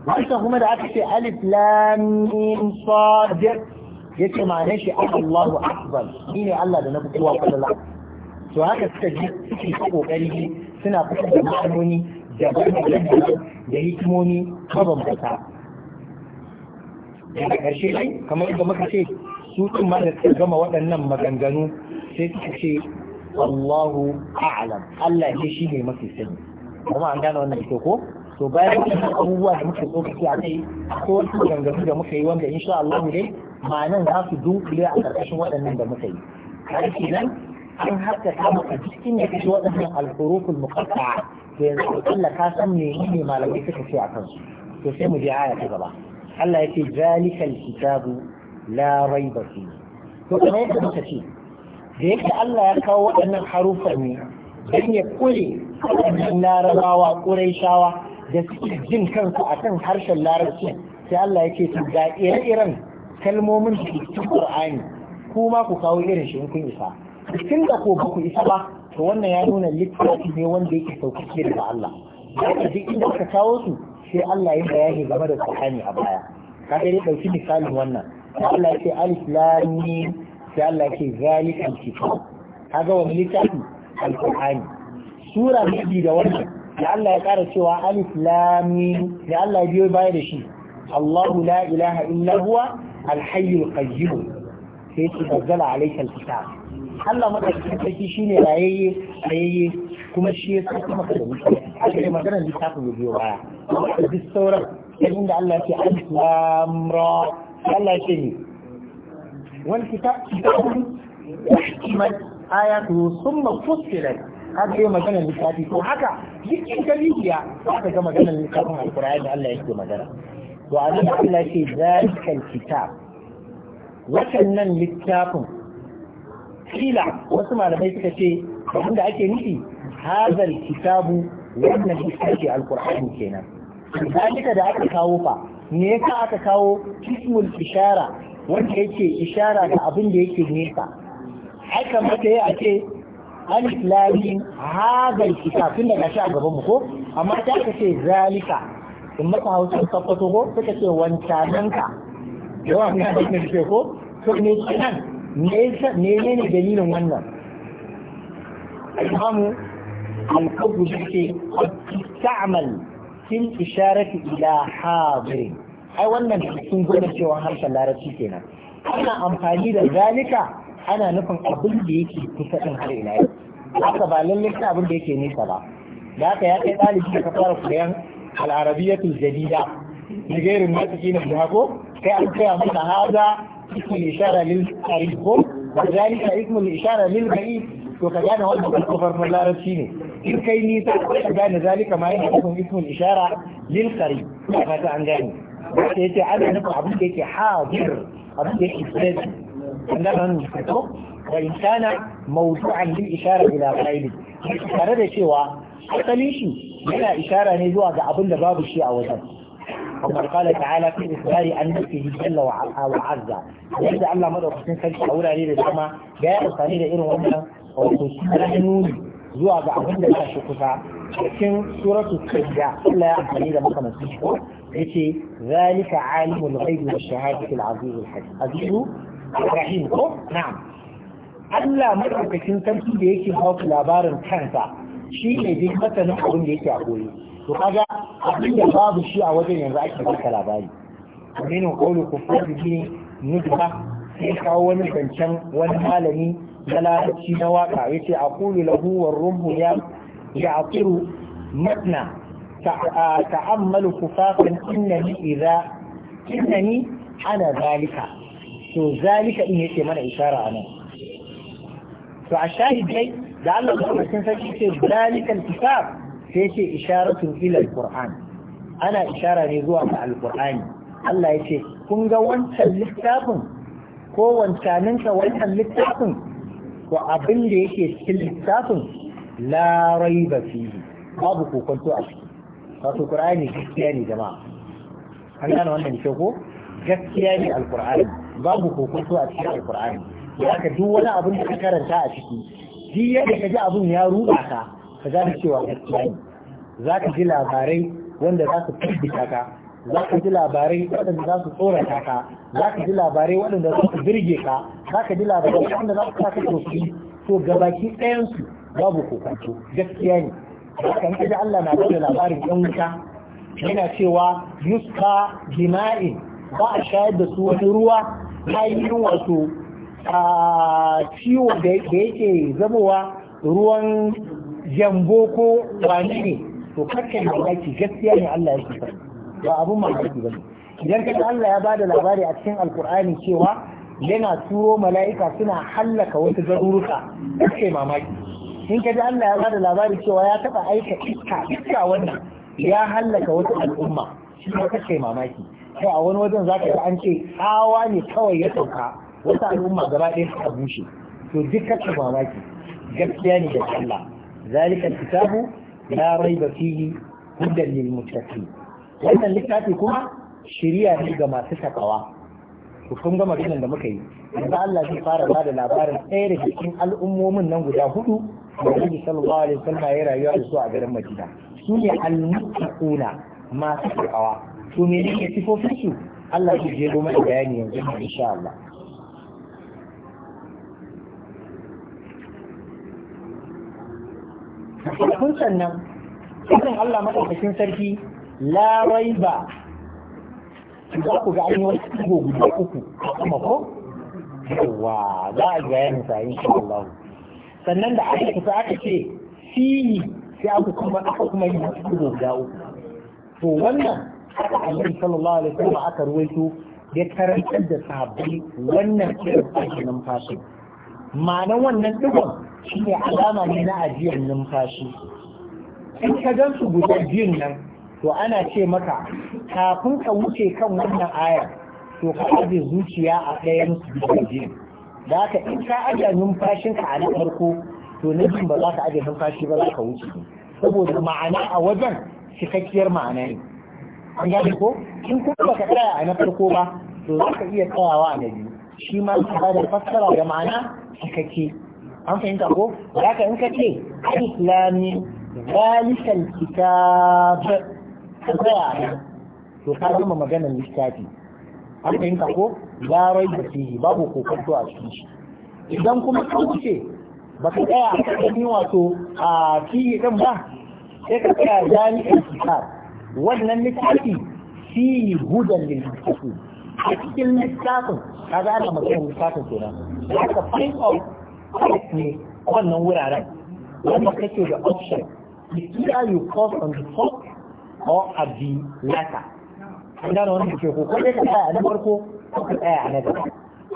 wanda kuma da aka ce alif lam mim sad yace ma'anar shi Allahu akbar ni ne Allah da na fi kowa falala to haka suka ji suke ta kokari suna fitar da ma'anoni da bayanai da hikimomi bata. daga ƙarshe ai kamar yadda muka ce su ɗin ma da suka gama waɗannan maganganu sai suka ce Allahu a'lam Allah ne shi ne mafi sani kuma an gane wannan ita ko to bayan waɗannan abubuwa da muke tsokaci a kai ko wasu maganganu da muka yi wanda insha Allah dai ma'anan za su dunkule a ƙarƙashin waɗannan da muka yi har nan an haka ta maka cikin ya kashe waɗannan alhuruful muqatta'a da yanzu Allah ka san ne malamai suka ce a kansu to sai mu je aya ta gaba Allah ya ce zalikal kitabu la raiba fi to kamar yadda muka ce da yake Allah ya kawo waɗannan haruffar ne Dan ya kure waɗannan larabawa ƙuraishawa da suke jin kansu a kan harshen larabci sai Allah ya ce su ga ire-iren kalmomin da ke cikin Qur'ani ku ma ku kawo irin shi in kun isa tun da ko ba ku isa ba to wannan ya nuna littafi ne wanda yake sauƙaƙe daga Allah da duk inda ka kawo su sai Allah ya bayani game da Qur'ani a baya ka dai ɗauki misalin wannan Sai Allah ya ce alif lam mim sai Allah ya ce zalikal kitab kaga wani littafi al-Qur'ani sura bibi da wannan da Allah ya ƙara cewa alif lam mim Allah ya biyo baya da shi Allahu la ilaha illa huwa al-hayyul qayyum sai ya ce bazzala alayka al-kitab Allah madaukakin sarki shine rayayye rayayye kuma shi ya saka maka da wuce aka yi maganar littafin ya biyo baya duk sauran yan da Allah ke alif lam ra Allah ke ne wal kitab kitabun ihtimal ayatu thumma fussilat aka yi maganar littafi ko haka duk in ka rijiya aka ga maganar littafin alqur'ani da Allah yake magana to a nan Allah ke zalikal kitab nan littafin kila wasu malamai suka ce abinda ake nufi hazal kitabu wannan littafi alqur'ani kenan zalika da aka kawo fa me yasa aka kawo ismul ishara wanda yake ishara ga abin da yake nesa haka mata yi ake alif lam hagar kitab tun da shi a gaban ko amma ta aka ce zalika in maka hausa tabbato ko suka ce wancananka yawa na da ke ko to ne kenan ne ne dalilin wannan imamu الحب جلسي قد تستعمل في الإشارة إلى حاضر أي أن الحسن قلنا في وهم شلا شكينا أنا أم أمفاني ذلك أنا نفن قبل ديك تفتن على إلهي لأسا بالله لك أبن ديك يني لا تيات إبالي جيك أفار فريان العربية الجديدة لغير الناس كينا بيهاكو كي أمفاني أمفاني هذا اسم الإشارة للتاريخ وذلك اسم الإشارة للبعيد to ka gane wannan farkon larabci ne in kai nisa ka gane zalika ma yana nufin ismul ishara lil qari ka fata an gane wanda yace ana nufin abin da yake hadir abin da yake present an gane ko wa in kana mawdu'an lil ishara ila ghairi tare da cewa asalin shi yana ishara ne zuwa ga abin da babu shi a wajen وقد قال تعالى في إخبار عن نفسه جل وعز وعز الله مدعو حسين سلسة أولا ليه لسما جاء الصحيح irin wannan. wato suna nuni zuwa ga abin da shi kusa cikin suratu kajja Allah ya amfani da maka masu shi yace zalika alimul ghaibi wash shahadati al aziz hakim azizu rahim ko na'am Allah madaukakin sarki da yake hauka labarin kansa shi ne duk masanin abin da yake a goye to kaga abin da babu shi a wajen yanzu ake baka labari aminu qawlu kufur bi nudba sai kawo wani zancen wani malami na larabci na waka yace aqulu lahu warruhu ya ya'tiru matna ta'ammalu kufafan innani idza innani ana zalika to zalika din yake mana isara a nan, to a shahid dai da Allah madaukakin sarki ce zalika kitab sai yace isharatun ila alquran ana ishara ne zuwa ga alqurani Allah ce kun ga wancan littafin ko wancaninka wancan littafin to abin da yake cikin littafin la raiba fihi babu kokonto a ciki wato qur'ani gaskiya ne jama'a an gane wannan ke ko gaskiya ne alqur'ani babu kokonto a cikin alqur'ani haka duk wani abin da ka karanta a ciki duk yadda ka ji abin ya ruba ka ka gane cewa gaskiya ne za ka ji labarai wanda za su tabbata ka za ka ji labarai waɗanda za su tsorata ka za ka ji labarai waɗanda za su birge ka za ka ji labarai waɗanda za su sa ka tofi to gabaki ɗayansu babu kokonto gaskiya ne kan kaji Allah na bada labarin ɗan wuta yana cewa yuska jima'in ba a shayar da su wani ruwa ta yi wato a ciwo da yake zamowa ruwan jambo ko wani ne to kakkan da gaskiya ne Allah ya ke ba abun mamaki ba idan kaga Allah ya bada labari a cikin alkur'ani cewa yana turo mala'ika suna hallaka wasu garuruka kake mamaki in kaji Allah ya bada labari cewa ya taba aika iska iska wannan ya hallaka wasu al'umma shi kake mamaki sai a wani wajen zaka ga an ce tsawa ne kawai ya sauka wasu al'umma gaba ɗaya suka bushe to duk kake mamaki gaskiya ne da Allah zalika kitabu la raiba fihi hudan lil wannan littafi kuma shiriya ne ga masu takawa ku kun ga maganar da muka yi yanzu Allah zai fara ba da labarin ɗaya da cikin al'ummomin nan guda hudu da Annabi sallallahu alaihi wasallam ya rayuwa da su a garin Madina su ne al-muttaquna masu takawa to me ne sifofin su Allah zai je goma da bayani yanzu insha Allah kun sannan, sannan Allah maɗaukakin sarki la ba, za ku ga an yi wani ɗigo guda uku kuma ko yawa za a ga yana sa insha Allah sannan da aka fita aka ce fihi sai aka kuma aka kuma yi wani ɗigo guda uku to wannan aka annabi sallallahu alaihi wasallam aka ruwaito ya karantar da sahabbai wannan irin fashin numfashi ma'anan wannan digon shine alama ne na ajiyar numfashi in ka gan su guda biyun nan to ana ce maka kafin ka wuce kan wannan ayar to ka aje zuciya a ɗayan gidaje da haka in ka aje ka a na farko to na ba za ka aje numfashi ba za ka wuce saboda ma'ana a wajen cikakkiyar ma'ana ne an gane ko in kuma baka tsaya a na farko ba to za ka iya tsayawa a na biyu shi ma ba da fassara da ma'ana cikakke an fahimta ko za ka in ka ce alif lam zalika kitab ka tsaya to ka zama maganar littafi an fahimta ko la rai da fihi babu kokonto a cikin shi idan kuma ka wuce ba ka tsaya a cikin wato a fihi ɗin ba sai ka tsaya jami'in kitab wannan littafi fihi hudan lil mutaqin a cikin littafin ka ga ana maganar littafin kenan haka point of ne wannan wuraren wanda kake da option if you are you on the top ko abdi laka an gano wani kuke ko ko dai ka tsaya na farko ko ka tsaya a na gaba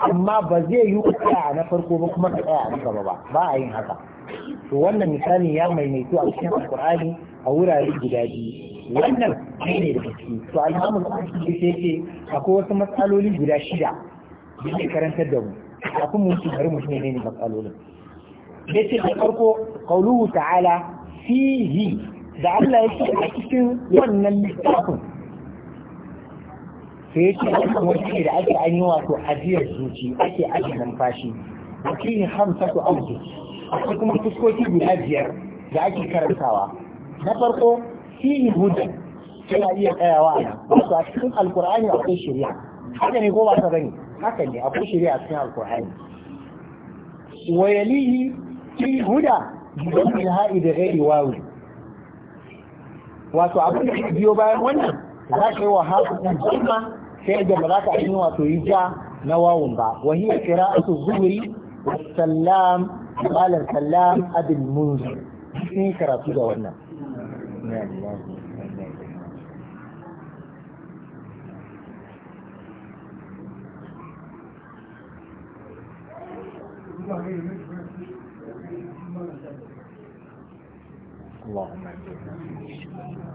amma ba zai yi ka tsaya na farko ba kuma ka tsaya a na gaba ba ba a yin haka to wannan misali ya maimaito a cikin alkur'ani a wurare guda biyu wannan shi ne da gaske to alhamdulillah da ce, akwai wasu matsaloli guda shida da ke karantar da mu kafin mu ci bari mu shi ne matsalolin yace da farko qauluhu ta'ala fihi da Allah ya ce a cikin wannan littafin sai ce yake cikin wani da ake an yi wato ajiyar zuci ake ajiye numfashi a cikin hamsa ku auki akwai kuma fuskoki guda biyar da ake karantawa na farko fihi hudan yana iya tsayawa a nan wato a cikin alkur'ani akwai shari'a haka ne ko ba ta bane haka ne akwai shari'a a cikin alkur'ani wa yalihi fi huda gidan dhammil ha'i da ghairi wawi wato abin da biyo bayan wannan za ka yi wa hafisun jima sai da ba za ka yi wato yi ja na wawun ba wa hiya qira'atu zuhri wa sallam qala sallam abin munzir sun karatu da wannan Thank you. اللهم اهدنا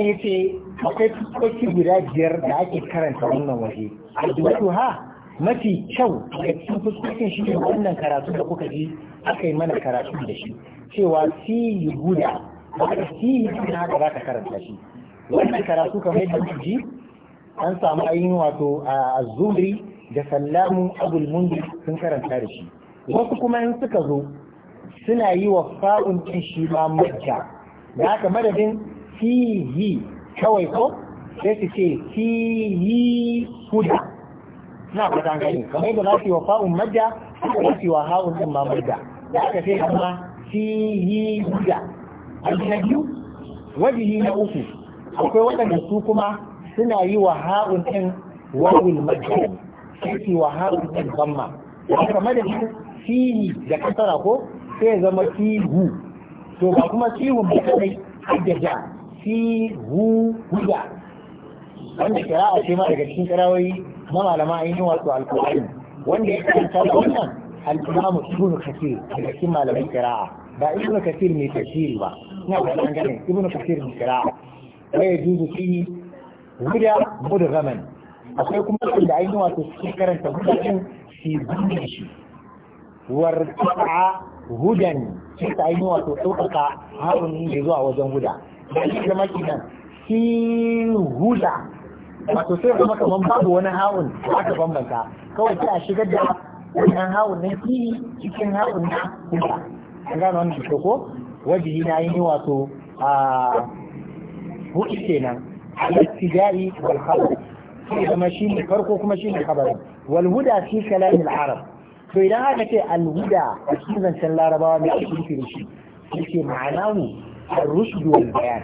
malam ya ce akwai fuskoki guda biyar da ake karanta wannan waje addu'a ha mafi kyau daga cikin fuskokin shi ne wannan karatu da kuka ji aka yi mana karatu da shi cewa si guda wanda si guda haka za ka karanta shi wannan karatu kamar yadda kuka ji an samu ainihin wato a zuri da sallamu abul mundi sun karanta da shi wasu kuma in suka zo suna yi wa fa'un ɗin shi ma majja da haka madadin fihi kawai ko sai su ce fihi huda na fata gani kamar da za su yi wa fa'un madda za su yi wa ha'un din ma madda da aka sai kuma fihi huda abu na biyu wajihi na uku akwai waɗanda su kuma suna yi wa ha'un din wawul madda sai su yi wa ha'un din bamma kamar da fihi da kasara ko sai ya zama fihu to ba kuma fihun ba kadai har fi hu huda wanda kira'a ce ma daga cikin karawai na malama ainihin wato alkur'ani wanda ya karanta da wannan al-imam ibnu kathir daga cikin malamin kira'a ba ibnu kathir mai tafsiri ba ina ga dan ganin ibnu kathir mai kira'a wa yajuzu fi huda mudghaman akwai kuma da ainihin wato suke karanta huda din fi gumin shi warta'a hudan sai ta ainihin wato ɗaukaka harin da zuwa wajen huda da shi zama kenan fi huda wato sai kuma kamar babu wani hawun aka bambanta kawai sai a shigar da wannan hawun na kiri cikin hawun na huda an gano wannan da ko wajihi na yi wato a hudu kenan al-istijari wal khabar sai zama shi ne farko kuma shi ne khabarin wal huda fi kalamin arab to idan aka ce al huda a cikin zancen larabawa mai ake nufi da shi yake ma'ana ne ar-rushd wal bayan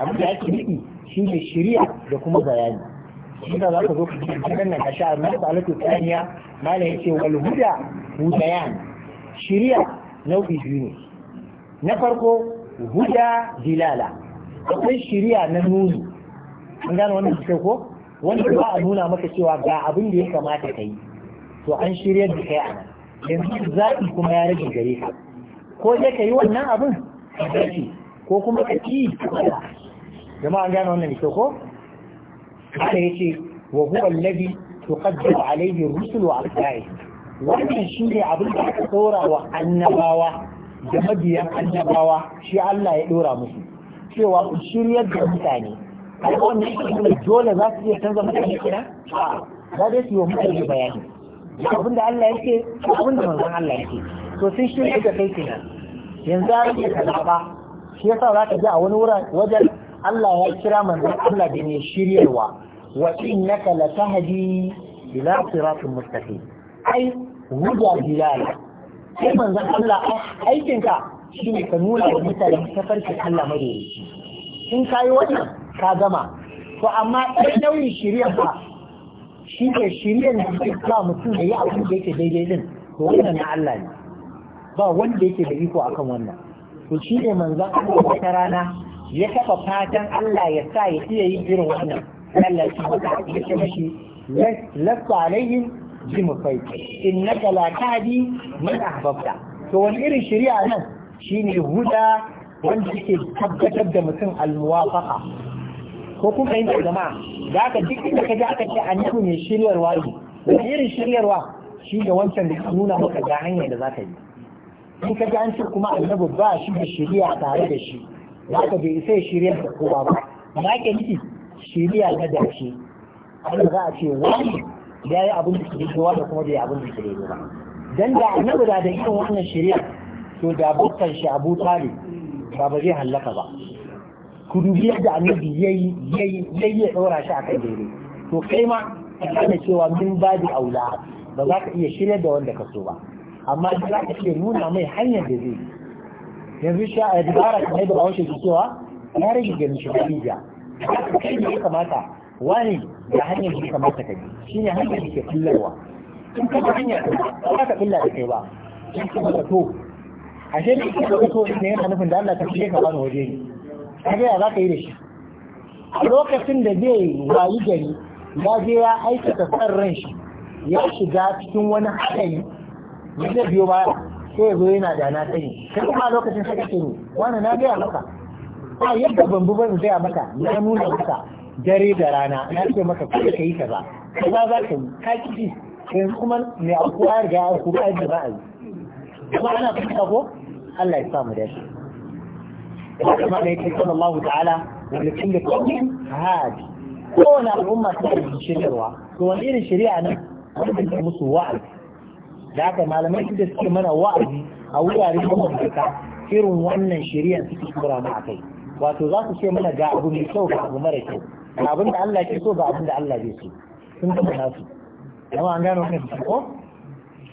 abin da ake nufi shine shari'a da kuma bayani shi da za ka zo ka ji kan ka sha amma salatu tsaniya malam yace wal huda hudayan shari'a nau'i biyu ne na farko huda dilala akwai shari'a na nuni an gane wannan da wanda ba a nuna maka cewa ga abin da ya kamata ka yi to an shirya da kai a nan yanzu zaɓi kuma ya rage gare ka ko dai ka yi wannan abin ka ko kuma ka ci jama'a an gane wannan kyau ko haka yace wa huwa alladhi tuqaddamu alayhi ar-rusul wa al-da'i wannan shine abin da aka dora wa annabawa da mabiyan annabawa shi Allah ya dora musu cewa ku shiryar da mutane a wannan shi dole za su iya canza mutane kina ba dai su yi wa mutane bayani abin da Allah yake abin da manzon Allah yake to sun shirya da kai kina yanzu an yi kaza ba shi yasa za ka ji a wani wajen Allah ya kira manzon Allah da mai shiryarwa wa innaka latahdi ila siratin mustaqim ai wuja bilal sai manzon Allah ah, aikinka shine ka nuna wa mutane tafarkin Allah madaidaici in kayi wannan ka gama to amma ɗan nauyin shirya ba shi ne shirya da ke sa mutum ya yi abin da yake daidai din to wannan na Allah ne ba wanda yake da iko akan wannan to shi ne manzon Allah wata rana ya kafa fatan Allah ya sa ya iya yin irin wannan Allah ya maka ya ce mashi lasta alaihim bi mufai innaka la tahdi man ahbabta to wani irin shari'a nan ne huda wanda yake tabbatar da mutum almuwafaqa ko kuma yin jama'a da aka duk inda ka ji aka ce annabi mai shiryarwa ne wani irin shiryarwa shi da wancan da nuna maka ga hanyar da za ka yi in ka ji an ce kuma annabi ba shi da shari'a tare da shi za ka bai isa shari'a da kowa ba za ka nufi shari'a na dace wanda za a ce wani ya yi abin da ke daidai da kuma bai abin da ke daidai ba dan da annabi da da irin wannan shari'a to da bukkan shi abu talib ba ba zai hallaka ba ku dubi yadda annabi yayi yayi yayi ya daura shi akan daidai to kai ma ka gane cewa min babu aula ba za ka iya shirya da wanda ka so ba amma za ka ce nuna mai hanyar da zai yanzu sha a dabara kamar yadda bahaushe ke cewa ya rage ganin shi da kai da ya kamata wani da hanyar da ya kamata ka bi shine hanyar da ke kullarwa in ka ta hanyar ba ka kulla da kai ba in ka ba to ashe ne ke da to ne yana nufin da Allah ta fiye ka bani waje ne kaga ya za ka yi da shi a lokacin da zai wayi gari ya je ya aikata san ran shi ya shiga cikin wani haɗari me zai biyo baya sai ya zo yana da na sani kai kuma lokacin sai kake ni wani na gaya maka ba yadda ban bi ban gaya maka na nuna maka dare da rana na ce maka kada ka yi kaza kaza za ka yi ka ki yanzu kuma a aukuwa ya ga ya aukuwa ya ba a yi kuma ana fita ko Allah ya sa mu dace kuma da yake sallallahu ta'ala wanda kin da kawai hadi kowane al'umma ta da shirya to wani irin shari'a nan wanda ta musu wa'azi da haka malamai inda suke mana wa'azi a wurare mabambanta irin wannan shari'a suke kura mu akai wato za su ce mana ga abu mai kyau ga abu mara kyau ga abin da Allah ke so ga abin da Allah bai so sun kuma nasu amma an gano wannan ko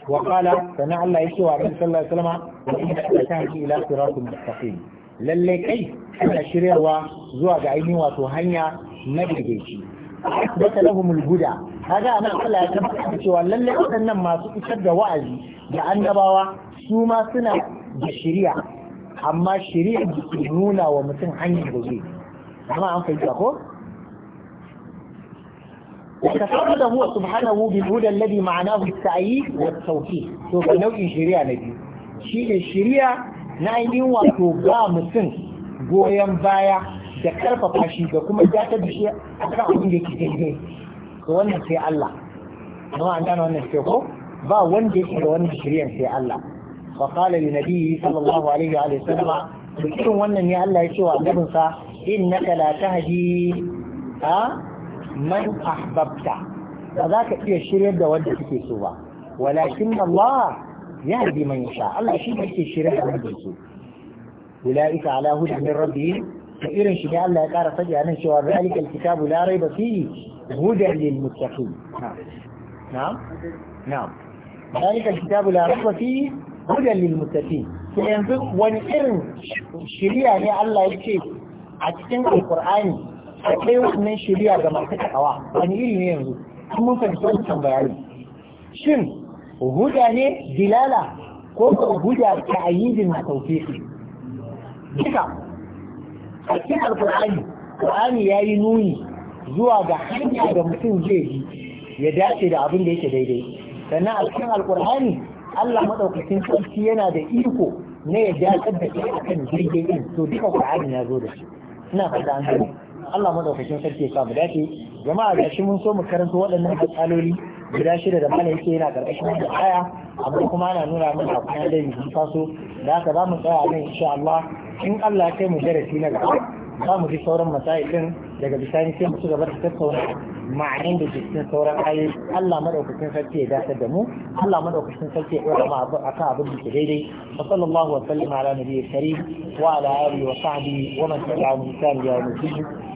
wa qala sana Allah yake wa Annabi sallallahu alaihi wasallam wa inna ta'ati ila siratin mustaqim lalle kai ana shiryawa zuwa ga ainihin wato hanya na daidaici da lahumul huda kaga anan Allah ya tabbata cewa lalle waɗannan masu isar da wa'azi da annabawa su ma suna da shari'a amma shari'a da ke nuna wa mutum hanyar da zai amma an fahimta ko وتفرده سبحانه بالهدى الذي معناه السعي والتوفيق to ga nau'in shari'a na biyu shi ne na ainihin wato ba mutum goyon baya da karfafa shi da kuma jatar da shi a kan abin da yake daidai to wannan sai Allah amma an gane wannan sai ko ba wanda yake da wannan shiryan sai Allah fa qala li nabiyyi sallallahu alaihi wa sallama to irin wannan ne Allah ya ce wa annabin sa innaka la tahdi a man ahbabta ba za ka iya shiryar da wanda kake so ba walakin Allah ya man من يشاء الله شيء يكفي الشريعة من يسوع أولئك على هدى من ربهم da irin shi da Allah ya ƙara faɗi a nan cewa zalika alkitabu la raiba fihi hudan lil muttaqin na'am na'am zalika alkitabu la raiba fihi hudan lil muttaqin to yanzu wani irin shiriya ne Allah ya ce a cikin alqur'ani akwai wannan shiriya ga masu takawa wani iri ne yanzu mun fahimci wannan bayani shin huda ne dilala ko huda ta'yidin tawfiqi duka a cikin alkur'ani qur'ani ya yi nuni zuwa ga hanya da mutum zai yi ya dace da abin da yake daidai sannan a cikin alkur'ani Allah maɗaukacin sarki yana da iko na ya dakatar da kai akan daidai din to duka qur'ani ya zo da shi ina fata an gani Allah maɗaukacin sarki ya sa mu dace jama'a ga shi mun so mu karanta waɗannan matsaloli guda shida da mana yake yana ƙarƙashin wannan aya amma kuma ana nuna mana a kuma da yanzu faso da haka za mu tsaya nan insha Allah in Allah ya kai mu darasi na gaba za mu ji sauran masail daga bisani sai mu ci gaba da tattauna ma'anin da ke cikin sauran ayi Allah madaukakin sarki ya dace da mu Allah madaukakin sarki ya dora mu akan abin da ke daidai wa sallallahu wa sallama ala nabiyyi karim wa ala alihi wa sahbihi wa man tabi'ahum bi ihsan ila yawm